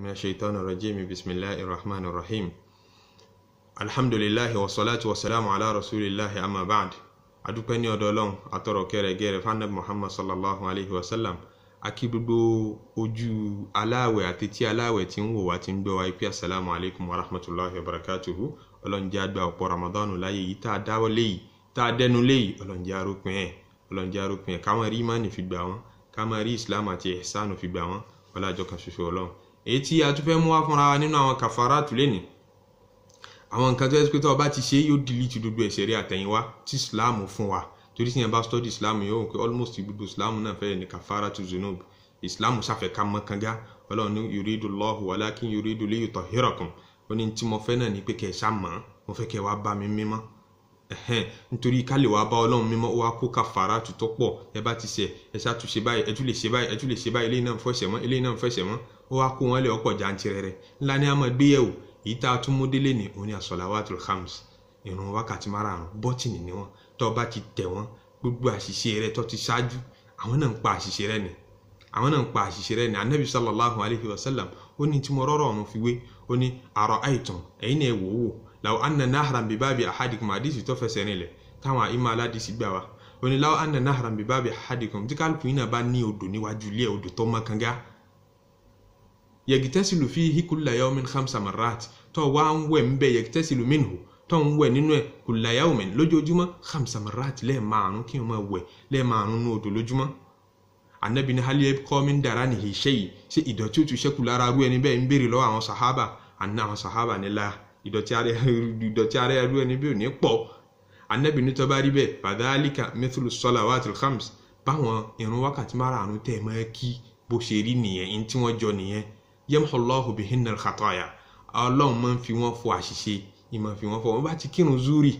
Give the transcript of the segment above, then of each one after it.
من الشيطان الرجيم بسم الله الرحمن الرحيم الحمد لله والصلاة والسلام على رسول الله أما بعد adúpẹ́ ní ọ̀dọ̀ ọlọ́run àtọ̀rọ̀ kẹrẹ̀gẹ́ rẹ̀ fanabi muhammad sallallahu alayhi wa sallam akí gbogbo ojú aláàwẹ̀ àti tí aláàwẹ̀ ti ń wò wá ti ń gbọ́ wa ipi asalaamu alaykum wa rahmatulahi wa barakatuhu ọlọ́njẹ́ àgbà ọ̀pọ̀ ramadanu láyé yìí tá a dáwọ́ léyìí tá a dẹnu léyìí ọlọ́njẹ́ arópin ẹ̀ ọlọ́njẹ́ arópin ẹ̀ káwọn rí imáni fi gbà wọ́n káwọn rí islam àti ihsanu fi gbà wọ́n ọlọ́jọ́ kan ṣoṣo ọlọ́run èyí tí a tún fẹ́ mú wá fúnra wa nínú àwọn kàfàrà àtúlẹ̀ ni àwọn nǹkan tó yẹ pé tó ti ṣe yóò delete gbogbo ẹ̀ṣẹ̀ rẹ àtẹ̀yìnwá tí Islam fún wa torí tí bá study Islam yóò pé almost gbogbo Islam náà fẹ́ ní kàfàrà tu zunub Islam ṣàfẹ́ ká mọ́ kanga ọlọ́run ní yuridu Allahu walakin yuridu liyutahhirakum ó ní tí mo fẹ́ náà ní pé kẹ́ ẹ ṣá mọ́ mo fẹ́ kẹ́ ẹ wá bá mi mímọ́ nítorí ká lè wá bá ọlọ́run mímọ́ ó wá kó kàfàrà tutọ́ pọ̀ ẹ bá ti ṣe ẹ ṣàtúnṣe báyìí ẹ tún lè ṣe báyìí ẹ tún lè ṣe báyìí eléyìí náà fẹsẹ̀ mọ́ eléyìí náà fẹsẹ̀ mọ́ ó wá kó wọn lè ọ̀pọ̀ jantirẹrẹ ńlá ní àmọ́ gbéyẹ̀wò èyí tá a tún mú délé ní òní àsọ̀làwàtul khams ìrun wákàtí márààrún bọ́tìnì ni wọn tó bá ti tẹ̀ wọ́n gbogbo àṣìṣe rẹ tó ti ṣáájú àwọn náà ń pa àṣìṣe rẹ ni àwọn sallallahu alayhi wa sallam ó ní tí mo rọrọ ọrùn fi wé law anna nahran bi baabi ahadikum àdìsí tó fẹsẹ̀ nílẹ̀ táwọn ìmọ̀ aládìsí gbà wá ó ní law anna nahran bi baabi ahadikum tí kálukú yìí náà bá ní odò níwájú ilé odò tó mọ́ kanga yẹgitẹ́sílù fi hikulla yawmin khamsa marat tó wá ń wẹ̀ ń bẹ̀ minhu tó ń wẹ̀ kulla yawmin lójoojúmọ́ khamsa marat lẹ́ẹ̀márùn kí n máa wẹ̀ lẹ́ẹ̀márùn ní odò lójúmọ́ anabi ni hali kọ́ mi dara nìyí ṣe yìí ṣe ìdọ̀tí òtún ṣẹ́kù lára rú ẹni bẹ́ẹ̀ ń béèrè lọ́wọ́ sahaba àná àwọn ìdọ̀tí ara ìdọ̀tí ara ẹrú ẹni bí ò ní pọ̀ anabi ní tọ́ba rí bẹ́ẹ̀ fadhalika mithlu salawatil khams báwọn irun wákàtí márààrún tẹ̀ máa kí bó ṣe rí nìyẹn ní tí wọ́n jọ nìyẹn yamhullahu bihinnal khataya ọlọ́run máa ń fi wọ́n fọ àṣìṣe ìmọ̀ fi wọ́n fọ wọ́n bá ti kírun zuri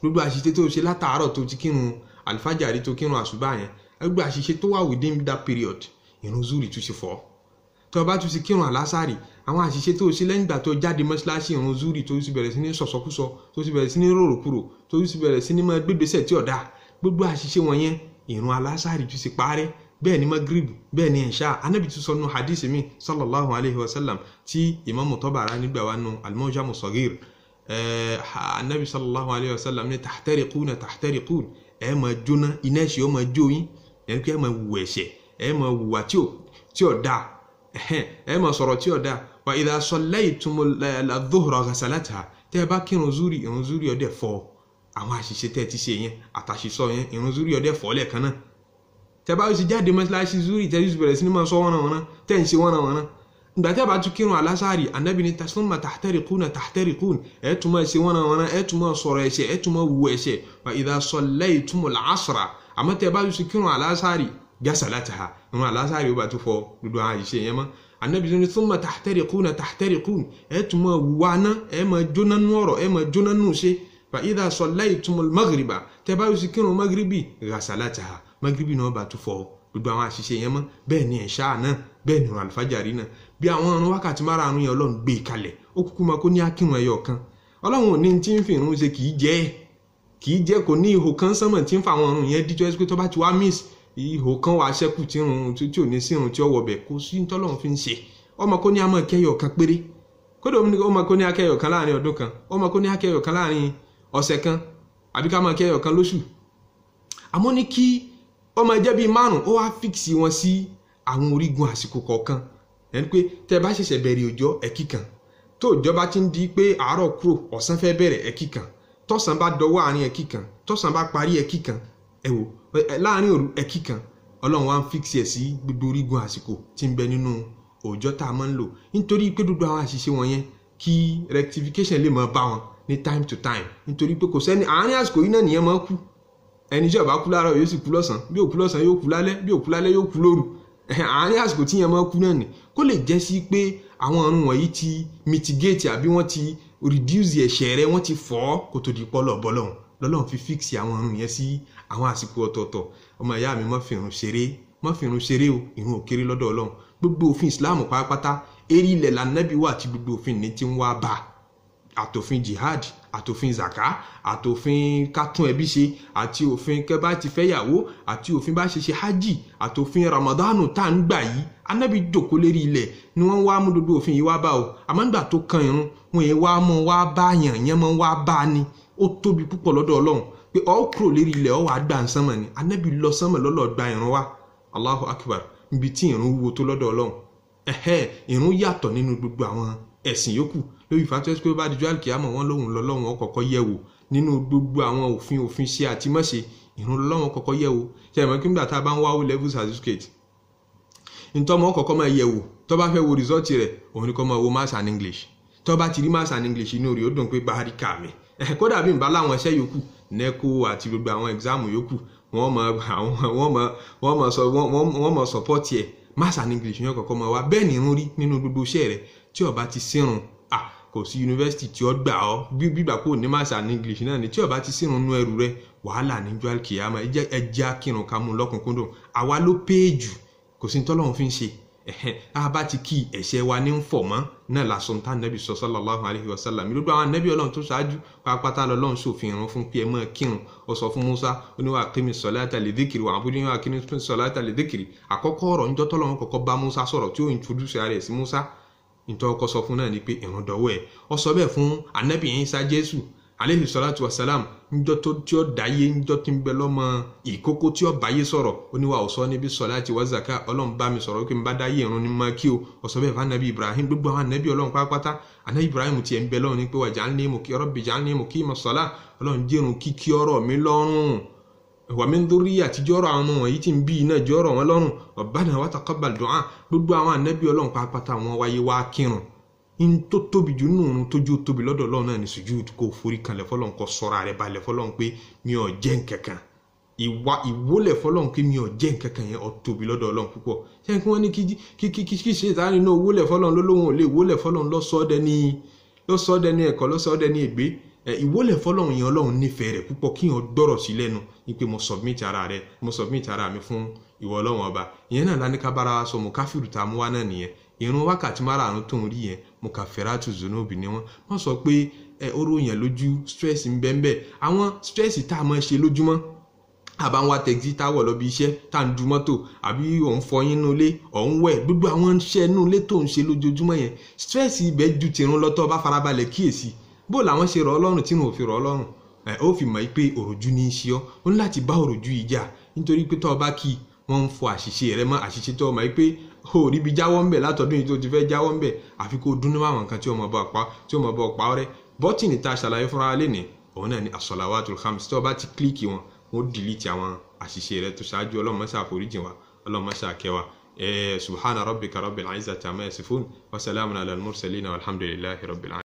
gbogbo àṣìṣe tó ṣe látàárọ̀ tó ti kírun alifájàrí tó kírun àṣùbà yẹn gbogbo àṣìṣe tó wà within that period irun zuri tún ṣe fọ́ tó o bá tún ti kírun àlásàrì àwọn àṣìṣe tó ṣe lẹ́yìn ìgbà tó jáde mọ́ṣáláṣí ìrun zuri tó sì bẹ̀rẹ̀ sí ní sọ̀sọ̀kúsọ tó sì bẹ̀rẹ̀ sí ní ròròkúrò tó sì bẹ̀rẹ̀ sí ní máa gbégbésẹ̀ tí ọ̀dà gbogbo àṣìṣe wọ̀nyẹn ìrun alásàrì tún sì parẹ́ bẹ́ẹ̀ ni magrib bẹ́ẹ̀ ni ẹ̀ṣá anábì tún sọ nu hadith mi sallallahu alayhi wa sallam tí ìmáàmù tọ́bàrà nígbà wa nu almujamu sagir anábì sallallahu alayhi wa sallam ní tahtariquna tahtariqun ẹ̀ máa jóná iná ẹ̀ṣẹ̀ ó máa jó yín ẹ̀ pé wù ẹ̀ṣẹ̀ ẹ̀ máa wùwà tí ò dáa ẹ̀ máa sọ̀rọ̀ tí ò dáa wa idha sallaytumul dhuhra ghasalatha tẹ́ ẹ bá kírun zúrì irun zúrì ọdẹ fọ́ àwọn àṣìṣe tẹ́ ẹ ti ṣe yẹn àtàṣìṣọ yẹn irun zúrì ọdẹ fọ́ lẹ́ẹ̀kan náà tẹ́ bá ti jáde mọ́ṣáláṣí zúrì tẹ́ yóò bẹ̀rẹ̀ sí ni máa sọ wọ́n wọn tẹ́ ń ṣe wọ́n wọn ìgbà tẹ́ bá tún kírun alásàárì anábì ní tasuma tahtariquna tahtariqun ẹ̀ tún máa ṣe wọ́n wọn ẹ̀ tún máa sọ̀rọ̀ ẹ̀ṣẹ̀ ẹ̀ tún máa wù ẹ̀ṣẹ̀ wa idha sallaytumul asra àmọ́ tẹ́ bá kírun alásàárì jásà láti ha ìwọn àlásàrè ó bá tún fọ gbogbo àwọn àyíṣe yẹn mọ́ anabi tó ní súnmọ́ tàhtẹ́rìkún tàhtẹ́rìkún ẹ tún mọ́ wùwá ná ẹ mọ́ jóná nú ọ̀rọ̀ ẹ mọ́ jóná nú ṣe fa idha sallaytumul magriba tẹ bá yóò sì kírun magribi gàṣà láti ha magribi náà bá tún fọ gbogbo àwọn àṣìṣe yẹn mọ́ bẹ́ẹ̀ ni ẹ̀ṣá náà bẹ́ẹ̀ ni ìrun àlùfájàrí náà bí àwọn ọ̀run wákàtí márààrún yẹn ọlọ́run gbé kalẹ̀ ó kúkú máa kó ní akínwó ẹyọ kan ọlọ́run ò ní tí ń fi ìrun ṣe kì í jẹ́ kì í jẹ́ kò ní ihò kan sánmọ̀ tí ń fa àwọn ọ̀run yẹn díjọ́ ẹ́sìkú tó bá ti wá miss ihò kan wàá ṣẹ́kù tí irun tí ò ní sí irun tí ó wọbẹ̀ kó sí tọ́lọ́run fi ń ṣe ọmọ kó ní àmọ́ ìkẹyọ̀ kan péré kódà ọmọ kó ní akẹyọ̀ kan láàrin ọdún kan ọmọ kó ní akẹyọ̀ kan láàrin ọ̀sẹ̀ kan àbí ká máa kẹyọ̀ kan lóṣù àmọ́ ní kí ọmọ ẹjẹ́ bíi márùn-ún ó wá fíksì wọn sí àwọn orígun àsìkò kọ̀ọ̀kan ẹni pé tẹ́ bá ṣẹ̀ṣẹ̀ bẹ̀rẹ̀ òjọ́ ẹ̀kí kan tó òjọ́ bá ti ń di pé àárọ̀ kúrò ọ̀sán fẹ́ bẹ̀rẹ̀ ẹ̀kí kan tọ̀sán bá dọwọ́ àárín ẹ̀kí kan tọ̀sán bá parí ẹ̀kí kan ẹ wò láàrin òru ẹkí kan ọlọ́run wa ń fíksì ẹ̀ sí gbogbo orígun àsìkò tí ń bẹ nínú òòjọ́ tá a máa ń lò nítorí pé gbogbo àwọn àṣìṣe wọ̀nyẹn kí rectification lè máa bá wọn ní time to time nítorí pé kò sẹ́ni àárín àsìkò yìí náà nìyẹn máa kú ẹni tí ó bá kú láàárọ̀ yóò sì kú lọ́sàn-án bí ó kú lọ́sàn-án yóò kú lálẹ́ bí ó kú lálẹ́ yóò kú lóru àárín àsìkò tí yẹn máa kú náà nì kó lè jẹ́ sí pé àwọn ọ̀run wọ̀nyí ti mitigate àbí wọ́n ti reduce ẹ̀ṣẹ̀ rẹ wọ́n ti fọ́ kó tó di pọ́lọ̀ bọ́lọ̀ lọ́lọ́run fi fix àwọn ọ̀run yẹn sí àwọn àsìkò ọ̀tọ̀ọ̀tọ̀ ọmọ ìyá mi má fìrun ṣeré má fìrun ṣeré o ìrun òkèrè lọ́dọ̀ ọlọ́run gbogbo òfin islam pátápátá eré ilẹ̀ lànàbí wà tí gbogbo òfin ní ti ń wá bá àtòfin jihad àtòfin zaka àtòfin kátún ẹbí ṣe àti òfin kẹbá ti fẹ́yàwó àti òfin bá ṣe ṣe hajj àtòfin ramadanu tá à ń gbà yìí anábì jòkó lérí ilẹ̀ ni wọ́n wá mú gbogbo òfin yìí wá bá o àmọ́ nígbà tó kan irun wọn yẹn wá mọ́ wá bá yàn yẹn mọ́ wá bá ni ó tóbi púpọ̀ lọ́dọ̀ ọlọ́run pé ọ kúrò lérí ilẹ̀ ọ wàá gbà ń sánmọ̀ ni anábì lọ sánmọ̀ lọ́lọ́ gba ìrun wa Allahu Akbar níbi tí ìrun wúwo tó lọ́dọ̀ Ọlọ́run ẹ̀hẹ́ ìrun yàtọ̀ nínú gbogbo àwọn ẹ̀sìn yòókù lórí ìfàtúwẹ́sì pé bá dijú àlùkìyàmọ̀ wọn lóhùn lọ́lọ́run ọ kọ̀kọ́ yẹ̀ wò nínú gbogbo àwọn òfin òfin ṣe àti mọ́ṣe ìrun lọ́lọ́run kọ̀kọ́ yẹ̀ wò ṣe ìmọ̀ kí nígbà tá a bá ń wá o level certificate ntọ́mọ kọ̀kọ́ máa yẹ̀ wò tó bá fẹ́ wo result rẹ̀ òun ni kó máa wo maths and English tó bá ti rí maths and English inú rẹ̀ ó dùn pé bá a rí kàmí kódà bí n bá láwọn iṣẹ́ yòókù neco àti gbogbo àwọn exam yòókù wọ́n mọ àwọn wọ́n mọ wọ́n mọ sọ wọ́n mọ support yẹ mass and english yẹn kọ̀ọ̀kan mọ wa bẹ́ẹ̀ ni irun rí nínú gbogbo iṣẹ́ rẹ̀ tí ó ti sírun ah kò sí yunifásitì tí ó gbà ọ́ bíbà kò ní mass and english náà ni tí ó bá ti sírun nú ẹrù rẹ̀ wàhálà níjọ́ àkìyàmọ́ ẹ jẹ́ ẹ jẹ́ akírun ká àwa ló péjù kò sí ní tọ́lọ́run fi ń ṣe a bá ti kí ẹ̀ṣẹ̀ wa ní ń fọ̀ mọ́ náà lásán tá nẹ́bí sọ sallallahu alayhi wa sallam lójú àwọn nẹ́bí ọlọ́run tó ṣáájú pátá lọ́lọ́run ṣòfin irun fún pé ẹ máa kírun ó sọ fún Musa ó ní wàá kíni salata li dhikri wàá fúnni wàá kíni salata li dhikri àkọ́kọ́ ọ̀rọ̀ níjọ́ tọ́lọ́run kọ́kọ́ bá Musa sọ̀rọ̀ tí ó introduce ara ẹ̀ sí Musa nítorí ọkọ sọ fún náà ni pé ìrun dọ̀wọ́ ẹ̀ ó sọ bẹ́ẹ̀ fún anẹ́bí Ìsá Jésù alayhi salatu wa salam njọ tó tí ó dáyé njọ tí ń bẹ lọ́mọ ìkókó tí ó báyé sọ̀rọ̀ ó ní wa ò sọ níbi sọ̀lá àti wá zaka ọlọ́run bá mi sọ̀rọ̀ kí n bá dáyé irun ní mọ́ kí o ọ̀sọ́ bẹ́ẹ̀ fún anabi ibrahim gbogbo àwọn anabi ọlọ́run pátápátá anabi ibrahim tiẹ̀ ń bẹ lọ́run ní pé wà já ń ní mò kí ọ̀rọ̀ bì já ń ní mò kí mà sọ̀lá ọlọ́run jẹ́rùn kíkí ọ̀rọ̀ mi lọ́rùn wàmí ń dórí àtijọ́ ọ̀rọ̀ àwọn wọ̀nyí tí ń bí iná jọ́ ọ̀rọ̀ wọn lọ́rùn ọ̀bánà wàtàkọ́bà án gbogbo àwọn anabi ọlọ́run pátápátá wọn wáyé wá kírun in tó tóbi jù nínú òun tójú tóbi lọ́dọ̀ ọlọ́run náà ní sujud kó forí kanlẹ̀ fọlọ́run kó sọ̀rọ̀ rẹ̀ balẹ̀ fọlọ́run pé mi ò jẹ́ nkankan ìwà ìwólẹ̀ fọlọ́run pé mi ò jẹ́ nkankan yẹn ó tóbi lọ́dọ̀ ọlọ́run púpọ̀ ṣé kí wọ́n ní kí kí kí kí ṣe ìtàn nínú ìwólẹ̀ fọlọ́run lólóhùn ò lè ìwólẹ̀ fọlọ́run lọ́sọ̀ọ́dẹ́ni lọ́sọ̀ọ́dẹ́ni ẹ̀kọ́ lọ́sọ̀ọ́dẹ́ni ègbé ìwọlẹ̀ yẹn ọlọ́run nífẹ̀ẹ́ rẹ̀ púpọ̀ kí yẹn gbọ́rọ̀ sí lẹ́nu wípé mo submit ara rẹ mo submit ara mi fún ìwọ ọlọ́run ọba ìyẹn náà láníkà bára wa sọ mo káfíìrù tá a mú wá náà nìyẹn ìrun wákàtí márààrún tó ń rí yẹn mukaferatu zunubi ni wọ́n wọ́n sọ pé ẹ oró yẹn lójú stress ń bẹ́ẹ̀ bẹ́ẹ̀ àwọn stress tá a máa ṣe lójúmọ́ àbá ń wa tẹ̀sí tá a wọ̀ lọ bí iṣẹ́ tá a ń du mọ́tò àbí òun fọyín inú ilé òun wẹ̀ gbogbo àwọn iṣẹ́ inú ilé tó ń ṣe lójoojúmọ́ yẹn stress ibẹ̀ ju tìrún lọ́tọ́ bá farabalẹ̀ kíyèsí bó làwọn ṣe rọ̀ ọlọ́run tí wọn ò fi rọ̀ ọlọ́run ẹ̀ ó fi mọ̀ pé òròjú ní í ṣe ọ́ ó ní láti bá òròjú yìí jà nítorí pé tó o bá kí i wọ́n ń fọ àṣìṣe rẹ mọ́ àṣìṣe tó mọ̀ pé o ò ríbi jáwọ́ ńbẹ̀ látọ̀dún yìí tó ti fẹ́ jáwọ́ ńbẹ̀ àfi kó dúnú àwọn nǹkan tí ó mọ̀ bọ́ pa tí ó mọ̀ bọ́ pa ọ́rẹ́ bọ́tìnì tá a ṣàlàyé fúnra wa lénìí òun náà ni as-salawatul khams tó o bá ti kílíkì wọn wọn ó dìlítì àwọn àṣìṣe rẹ tó ṣáájú ọlọ́mọṣà